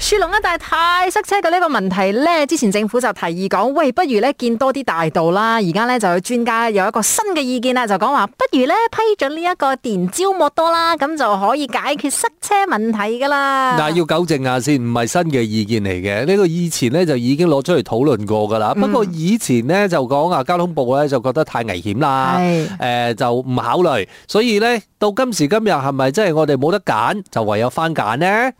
雪隆一帶太塞車嘅呢個問題呢，之前政府就提議講，喂，不如呢建多啲大道啦。而家呢，就有專家有一個新嘅意見咧，就講話不如呢批准呢一個電召摩多啦，咁就可以解決塞車問題噶啦。嗱，要糾正一下先，唔係新嘅意見嚟嘅，呢、這個以前呢，就已經攞出嚟討論過噶啦。不過以前呢，就講啊，交通部呢，就覺得太危險啦，誒、嗯呃、就唔考慮。所以呢，到今時今日係咪真係我哋冇得揀，就唯有翻揀呢。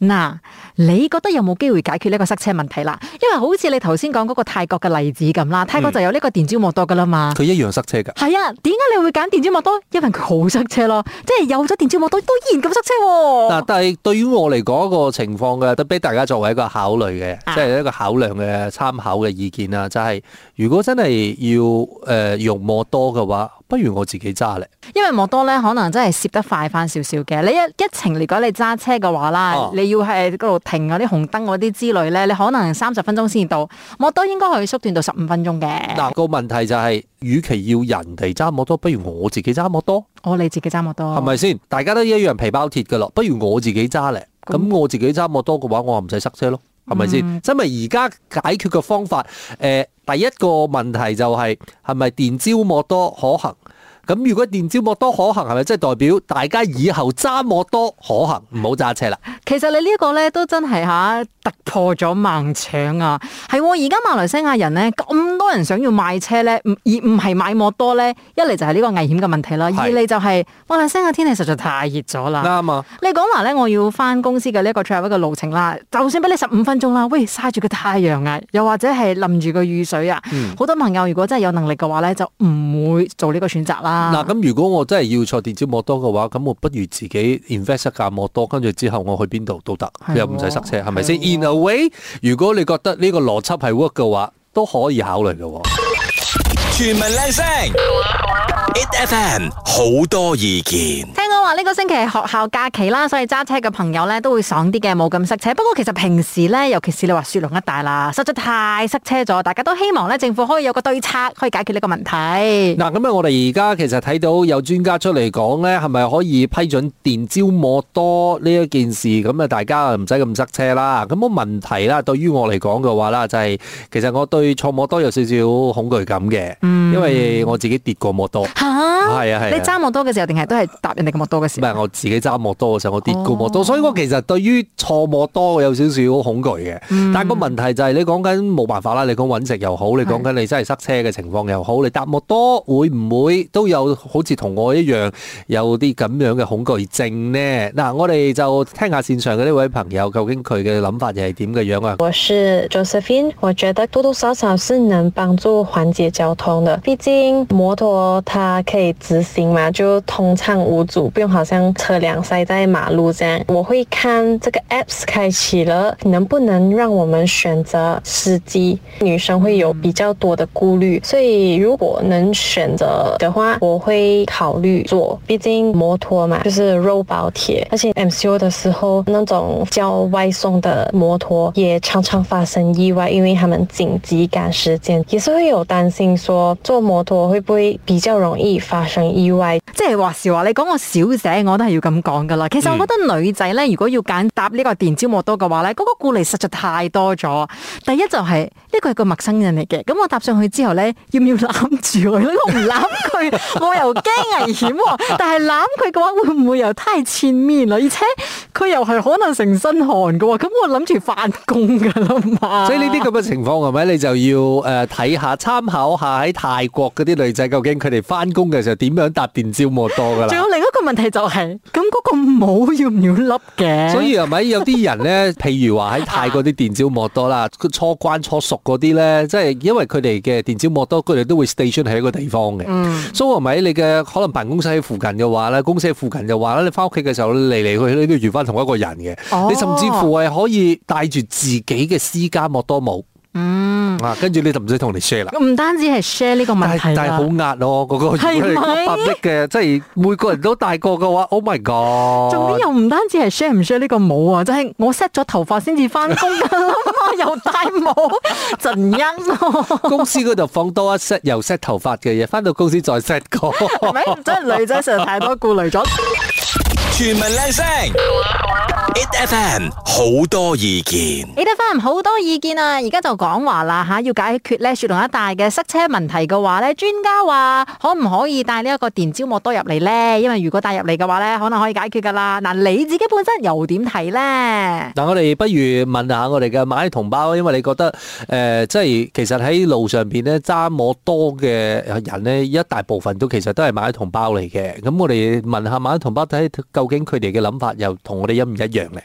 嗱、啊，你覺得有冇機會解決呢個塞車問題啦？因為好似你頭先講嗰個泰國嘅例子咁啦，泰國就有呢個電召摩多噶啦嘛，佢、嗯、一樣塞車噶。係啊，點解你會揀電召摩多？因為佢好塞車咯，即係有咗電召摩多都依然咁塞車、啊。嗱、啊，但係對於我嚟講一個情況嘅，都俾大家作為一個考慮嘅，即係一個考量嘅參考嘅意見啦。就係、是，如果真係要誒用摩多嘅話，不如我自己揸嚟。因為摩多咧，可能真係攝得快翻少少嘅。你一一程如，如果你揸車嘅話啦，你要係嗰度停嗰啲紅燈嗰啲之類咧，你可能三十分鐘先到。摩多應該可以縮短到十五分鐘嘅。嗱、啊、那個問題就係、是，與其要人哋揸摩多，不如我自己揸摩多。哦，你自己揸摩多，係咪先？大家都一樣皮包鐵㗎咯，不如我自己揸咧。咁、嗯、我自己揸摩多嘅話，我唔使塞車咯，係咪先？因為而家解決嘅方法、呃，第一個問題就係係咪電召摩多可行？咁如果電召摩多可行，係咪即係代表大家以後揸摩多可行？唔好揸車啦。其實你呢個咧都真係吓、啊、突破咗盲腸啊！係，而家馬來西亞人咧咁多人想要買車咧，而唔係買摩多咧，一嚟就係呢個危險嘅問題啦，二嚟就係馬來西亞天氣實在太熱咗啦。啱啊！你講話咧，我要翻公司嘅呢一個 travel 嘅路程啦，就算俾你十五分鐘啦，喂，曬住個太陽啊，又或者係淋住個雨水啊，好、嗯、多朋友如果真係有能力嘅話咧，就唔會做呢個選擇啦。嗱、啊，咁如果我真係要坐電召摩多嘅話，咁我不如自己 invest 一架摩多，跟住之後我去邊度都得，又唔使塞車，係咪先？In a way，如果你覺得呢個邏輯係 work 嘅話，都可以考慮嘅。全民靚聲，8FM 好多意見。都話呢個星期係學校假期啦，所以揸車嘅朋友咧都會爽啲嘅，冇咁塞車。不過其實平時咧，尤其是你話雪隆一帶啦，實在太塞車咗。大家都希望咧，政府可以有個對策，可以解決呢個問題。嗱，咁啊，我哋而家其實睇到有專家出嚟講咧，係咪可以批准電召摩多呢一件事？咁啊，大家唔使咁塞車啦。咁、那個問題啦、就是，對於我嚟講嘅話啦，就係其實我對坐摩多有少少恐懼感嘅、嗯，因為我自己跌過摩多。係啊係、啊啊、你揸摩多嘅時候定係都係搭人哋嘅摩？多嘅時，唔係我自己揸摩多嘅時候，我跌過摩多，oh. 所以我其實對於坐摩多我有少少恐懼嘅。Mm. 但個問題就係、是、你講緊冇辦法啦，你講揾食又好，你講緊你真係塞車嘅情況又好，你搭摩多會唔會都有好似同我一樣有啲咁樣嘅恐懼症呢？嗱、啊，我哋就聽下線上嘅呢位朋友究竟佢嘅諗法又係點嘅樣，樣啊！我是 Josephine，我覺得多多少少是能幫助緩解交通嘅，畢竟摩托它可以直行嘛，就通暢無阻。不用好像車輛塞在馬路這樣，我會看這個 apps 開啟了，能不能讓我們選擇司機。女生會有比較多的顧慮，所以如果能選擇的話，我會考慮坐。畢竟摩托嘛，就是肉包鐵，而且 MCO 的時候，那種叫外送的摩托也常常發生意外，因為他們緊急趕時間，也是會有擔心說坐摩托會不會比較容易發生意外。即係話實話，你講我笑。小姐，我都係要咁講噶啦。其實我覺得女仔咧，如果要揀搭呢個電召摩多嘅話咧，嗰、嗯那個顧慮實在太多咗。第一就係、是、呢、這個係個陌生人嚟嘅，咁我搭上去之後咧，要唔要攬住佢？我唔攬佢， 我又驚危險。 但係攬佢嘅話，會唔會又太前面啊？而且佢又係可能成身汗嘅喎，咁我諗住翻工噶啦嘛。所以呢啲咁嘅情況係咪？你就要誒睇下參考下喺泰國嗰啲女仔究竟佢哋翻工嘅時候點樣搭電召摩多噶啦？仲有另一個，問題就係咁，嗰個帽要唔要笠嘅？所以係咪有啲人咧， 譬如話喺泰國啲電召摩多啦，佢 初關初熟嗰啲咧，即係因為佢哋嘅電召摩多佢哋都會 station 住喺一個地方嘅，嗯。所以係咪你嘅可能辦公室喺附近嘅話咧，公司喺附近嘅話咧，你翻屋企嘅時候嚟嚟去去，都要遇翻同一個人嘅。你甚至乎係可以帶住自己嘅私家摩多帽。哦嗯，啊，跟住你就唔使同你 share 啦。唔單止係 share 呢個問題，但係好壓咯，嗰個一百億嘅， 即係每個人都大個嘅話 ，Oh my God！重點又唔單止係 share 唔 share 呢個帽啊，即係我 set 咗頭髮先至翻工噶啦，又戴帶帽，盡 音陣營。 公司嗰度放多一 set，又 set 頭髮嘅嘢，翻到公司再 set 個。係 咪？真係女仔成日太多顧慮咗。全民靚聲。 F M 好多意見，F M 好多意見啊！而家就講話啦吓，要解決咧雪龍一帶嘅塞車問題嘅話咧，專家話可唔可以帶呢一個電召摩多入嚟咧？因為如果帶入嚟嘅話咧，可能可以解決噶啦。嗱，你自己本身又點睇咧？嗱，我哋不如問下我哋嘅馬來同胞，因為你覺得誒，即、呃、係其實喺路上邊咧揸摩多嘅人咧，一大部分都其實都係馬來同胞嚟嘅。咁我哋問一下馬來同胞睇究竟佢哋嘅諗法又同我哋一唔一樣咧？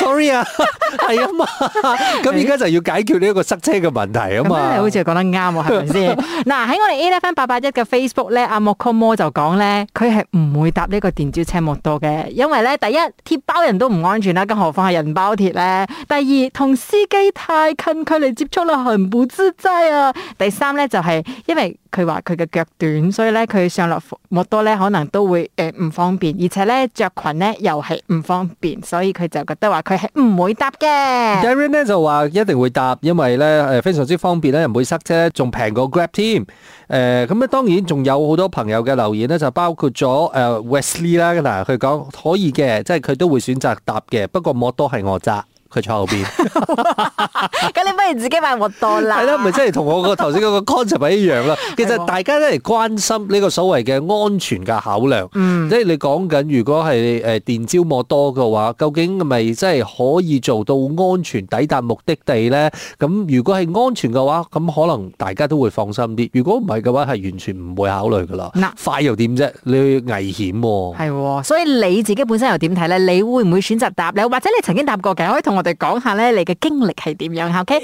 Sorry 啊，係啊嘛，咁而家就要解決呢一個塞車嘅問題啊嘛，你好似講得啱喎，係咪先？嗱、 啊，喺我哋 A One 八八一嘅 Facebook 咧，阿莫科摩就講咧，佢係唔會搭呢個電召車摩多嘅，因為咧，第一鐵包人都唔安全啦，更何況係人包鐵咧。第二同司機太近距離接觸啦，恆不自在啊。第三咧就係、是、因為。佢話佢嘅腳短，所以咧佢上落摩多咧可能都會誒唔方便，而且咧着裙咧又係唔方便，所以佢就覺得話佢係唔會搭嘅。Darin 呢就話一定會搭，因為咧誒非常之方便咧，唔會塞車，仲平過 Grab 添。誒咁啊，當然仲有好多朋友嘅留言咧，就包括咗誒 Wesley 啦，嗱，佢講可以嘅，即係佢都會選擇搭嘅，不過摩多係我揸。佢坐後邊，咁你不如自己買摩多啦。係咯，咪即係同我個頭先嗰個 concept 係一樣咯。其實大家都係關心呢個所謂嘅安全嘅考量。嗯，即係你講緊，如果係誒電召摩多嘅話，究竟係咪真係可以做到安全抵達目的地咧？咁如果係安全嘅話，咁可能大家都會放心啲。如果唔係嘅話，係完全唔會考慮噶啦。嗱，快又點啫？你危險喎。係喎，所以你自己本身又點睇咧？你會唔會選擇搭？你或者你曾經搭過嘅，可以同我。我哋講下咧，你嘅經歷係點樣？O K，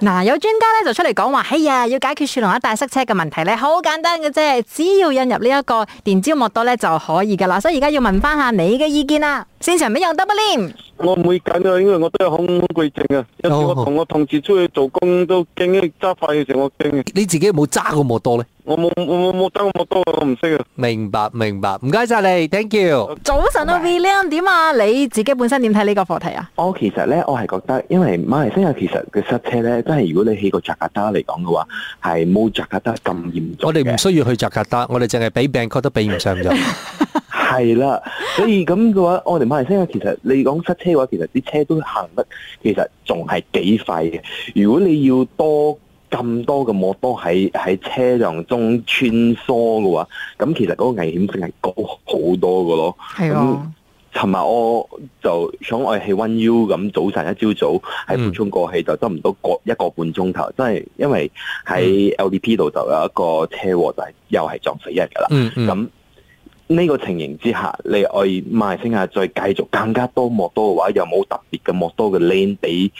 嗱，有專家咧就出嚟講話，哎呀，要解決雪隆一帶塞車嘅問題咧，好簡單嘅啫，只要引入呢一個電召摩多咧就可以噶啦。所以而家要問翻下你嘅意見啦。正常咩用 double 呢？我唔會揀嘅，因為我都係恐恐懼症啊。一次我同我同事出去做工都驚，揸快嘅時候我驚。你自己冇揸過摩多咧？我冇，我我冇揸過摩多，我唔識啊。明白明白，唔該晒你，Thank you。Okay. 早晨啊 William 點啊？你自己本身點睇呢個課題啊？我其實咧，我係覺得，因為馬來西亞其實嘅塞車咧，真係如果你起個 Jakarta 嚟講嘅話，係冇 Jakarta 咁嚴重。我哋唔需要去 Jakarta，我哋淨係比曼谷都比唔上咗。係 啦，所以咁嘅話，我、哦、哋馬來西亞！其實你講塞車嘅話，其實啲車都行得，其實仲係幾快嘅。如果你要多咁多嘅摩托喺喺車輛中穿梭嘅話，咁其實嗰個危險性係高好多嘅咯。係啊、哦。尋日我就想我去 one u 咁早晨一朝早喺半衝過去就差唔多個一個半鐘頭，真、嗯、係因為喺 LDP 度就有一個車禍就係又係撞死人噶啦。咁、嗯嗯。呢、這個情形之下，你可以馬來西亞，再繼續更加多摩多嘅話，又冇特別嘅摩多嘅 lane 俾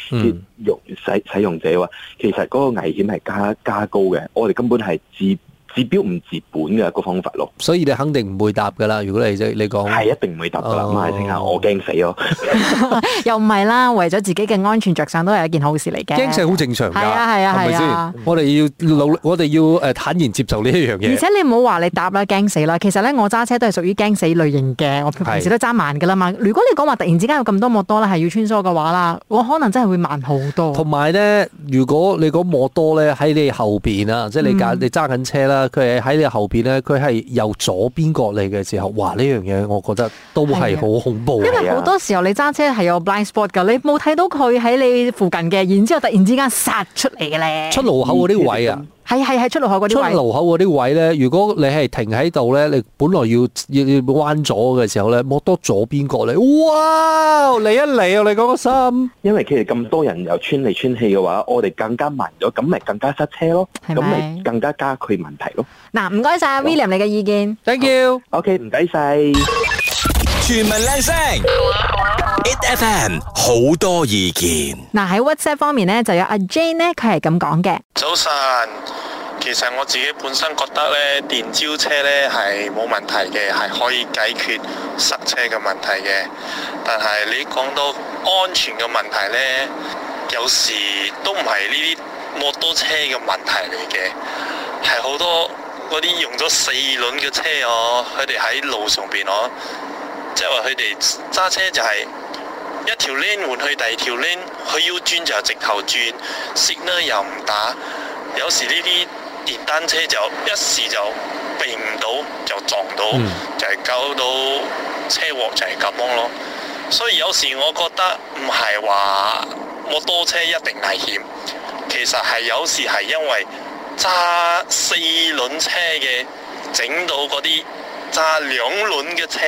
用使使用者嘅話，其實嗰個危險係加加高嘅。我哋根本係至。治標唔治本嘅一個方法咯，所以你肯定唔會答㗎啦。如果你即係你講，係一定唔會答㗎啦。咁係點啊？我驚死哦，我死 又唔係啦，為咗自己嘅安全着想，都係一件好事嚟嘅。驚死好正常㗎，係啊係啊係啊，啊啊是是嗯、我哋要努，我哋要誒坦然接受呢一樣嘢。而且你唔好話你答啦，驚死啦。其實咧，我揸車都係屬於驚死類型嘅，我平時都揸慢㗎啦嘛。如果你講話突然之間有咁多摩多啦，係要穿梭嘅話啦，我可能真係會慢好多。同埋咧，如果你講摩多咧喺你後邊啊、嗯，即係你你揸緊車啦。佢喺你後邊咧，佢係由左邊過嚟嘅時候，哇！呢樣嘢我覺得都係好恐怖。因為好多時候你揸車係有 blind spot 噶，你冇睇到佢喺你附近嘅，然之後突然之間殺出嚟嘅咧。出路口嗰啲位啊！係係係，出路口嗰啲位，出路口嗰啲位咧，如果你係停喺度咧，你本來要要要彎左嘅時候咧，摩多左邊角嚟，哇！嚟一嚟，我哋嗰個心，因為其實咁多人又穿嚟穿去嘅話，我哋更加慢咗，咁咪更加塞車咯，咁咪更加加劇問題咯。嗱，唔該晒 William 你嘅意見，Thank you，OK，唔該晒，全民靚聲。FM 好多意見。嗱喺 WhatsApp 方面咧，就有阿 Jane 咧，佢係咁講嘅。早晨，其實我自己本身覺得咧，電召車咧係冇問題嘅，係可以解決塞車嘅問題嘅。但係你講到安全嘅問題咧，有時都唔係呢啲摩托車嘅問題嚟嘅，係好多嗰啲用咗四輪嘅車哦，佢哋喺路上邊哦，即係話佢哋揸車就係、是。一條 line 換去第二條 line 佢要轉就直頭轉，Signal 又唔打。有時呢啲電單車就一時就避唔到，就撞到，嗯、就係、是、搞到車禍就係咁咯。所以有時我覺得唔係話摩多車一定危險，其實係有時係因為揸四輪車嘅整到嗰啲揸兩輪嘅車、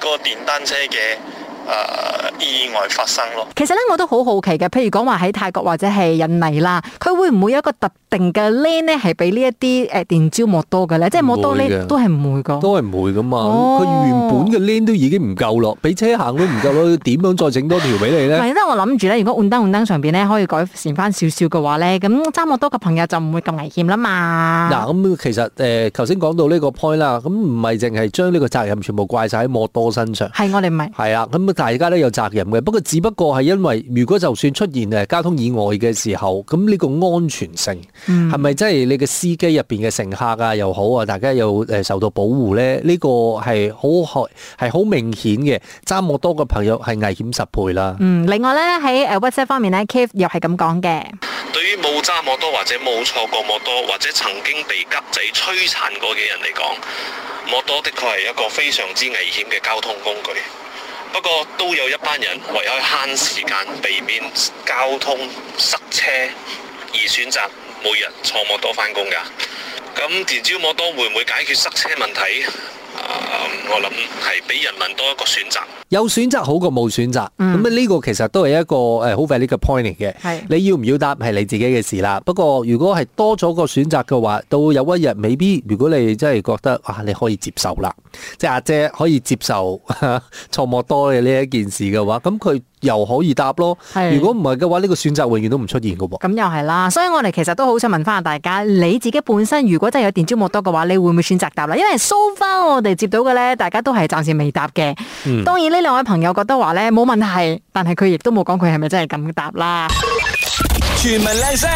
嗰個電單車嘅。誒，意外發生咯。其實咧，我都好好奇嘅。譬如講話喺泰國或者係印尼啦，佢會唔會有一個特定嘅 lane 咧，係俾呢一啲誒電召莫多嘅咧？即係莫多 lane 都係唔會嘅，都係唔會噶嘛。佢原本嘅 lane 都已經唔夠咯，俾車行都唔夠咯，點樣再整多條俾你咧？唔係，即係我諗住咧，如果 Undang Undang 上邊咧，可以改善翻少少嘅話咧，咁揸莫多嘅朋友就唔會咁危險啦嘛。嗱，咁其實誒，頭先講到呢個 point 啦，咁唔係淨係將呢個責任全部怪晒喺莫多身上。係我哋唔係。係啊，咁啊。大家都有責任嘅，不過只不過係因為，如果就算出現誒交通意外嘅時候，咁呢個安全性係咪、嗯、真係你嘅司機入邊嘅乘客啊又好啊，大家又誒受到保護咧？呢、呢個係好係係好明顯嘅。揸摩多嘅朋友係危險十倍啦。嗯，另外咧喺誒 utsche 方面咧，Keith 又係咁講嘅。對於冇揸摩多或者冇坐過摩多或者曾經被急仔摧殘過嘅人嚟講，摩多的確係一個非常之危險嘅交通工具。不過都有一班人為咗慳時間，避免交通塞車而選擇每日坐摩多返工㗎，咁電召摩多會唔會解決塞車問題？Um, 我諗係俾人民多一個選擇，有選擇好過冇選擇。咁、嗯、啊，呢個其實都係一個誒好 critical 呢個 point 嚟嘅。你要唔要答係你自己嘅事啦。不過如果係多咗個選擇嘅話，到有一日未必。如果你真係覺得、啊、你可以接受啦，即係阿姐可以接受錯摩多嘅呢一件事嘅話，咁佢。又可以答咯，如果唔係嘅話，呢個選擇永遠都唔出現噶喎。咁又係啦，所以我哋其實都好想問翻大家，你自己本身如果真係有電召摩多嘅話，你會唔會選擇答啦？因為 so far 我哋接到嘅呢，大家都係暫時未答嘅，嗯。當然呢兩位朋友覺得話呢冇問題，但係佢亦都冇講佢係咪真係咁答啦。全民靚聲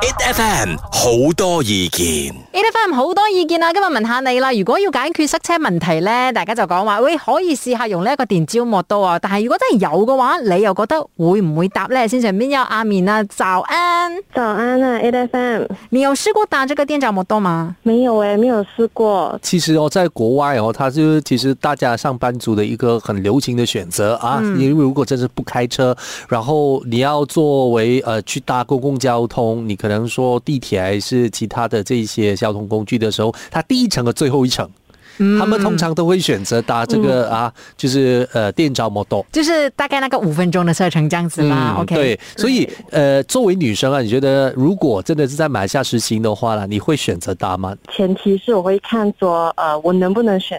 ，it fm 好多意見。A.F.M. 好多意見啦、啊，今日問下你啦。如果要解決塞車問題咧，大家就講話喂，可以試下用呢一個電召摩多啊。但係如果真係有嘅話，你又覺得會唔會搭咧？先上邊有阿面啊，早安，早安啊，A.F.M. 你有試過搭這個電召摩多嗎？沒有誒，沒有試過。其實哦，在國外哦，它就其實大家上班族的一個很流行的選擇啊、嗯。因為如果真是不開車，然後你要作為誒、呃、去搭公共交通，你可能說地鐵還是其他的這些像。交通工具的時候，他第一層和最後一層、嗯，他們通常都會選擇搭這個、嗯、啊，就是呃電召摩多就是大概那個五分鐘的車程這樣子吧、嗯。OK，對，所以呃，作為女生啊，你覺得如果真的是在馬來西亞實行的話呢，你會選擇搭嗎？前提是我會看說，呃，我能不能選。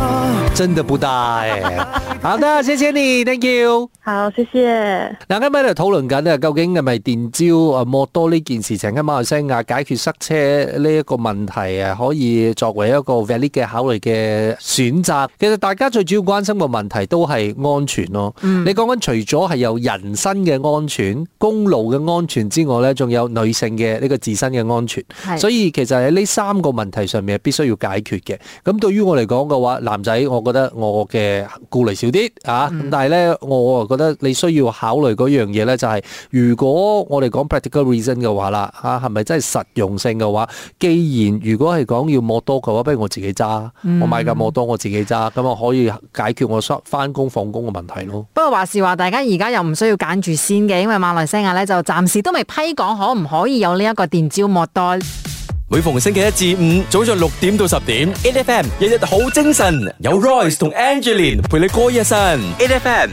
真的不大，好的，謝謝你，thank you，好，謝謝。嗱，今日喺度討論緊啊，究竟係咪電召啊摩多呢件事情，喺馬來西亞解決塞車呢一個問題啊，可以作為一個 valid 嘅考慮嘅選擇。其實大家最主要關心嘅問題都係安全咯。嗯，你講緊除咗係有人身嘅安全、公路嘅安全之外咧，仲有女性嘅呢個自身嘅安全。係，所以其實喺呢三個問題上面係必須要解決嘅。咁對於我嚟講嘅話，男仔我。我覺得我嘅顧慮少啲啊，但係咧，我覺得你需要考慮嗰樣嘢咧，就係、是、如果我哋講 practical reason 嘅話啦，吓，係咪真係實用性嘅話，既然如果係講要摩多嘅話，不如我自己揸，我買架摩多我自己揸，咁我可以解決我翻工放工嘅問題咯。不過話是話，大家而家又唔需要揀住先嘅，因為馬來西亞咧就暫時都未批講可唔可以有呢一個電召摩多。每逢星期一至五早，早上六點到十點，N F M 日日好精神，有 Royce 同 Angeline 陪你過一晨，N F M。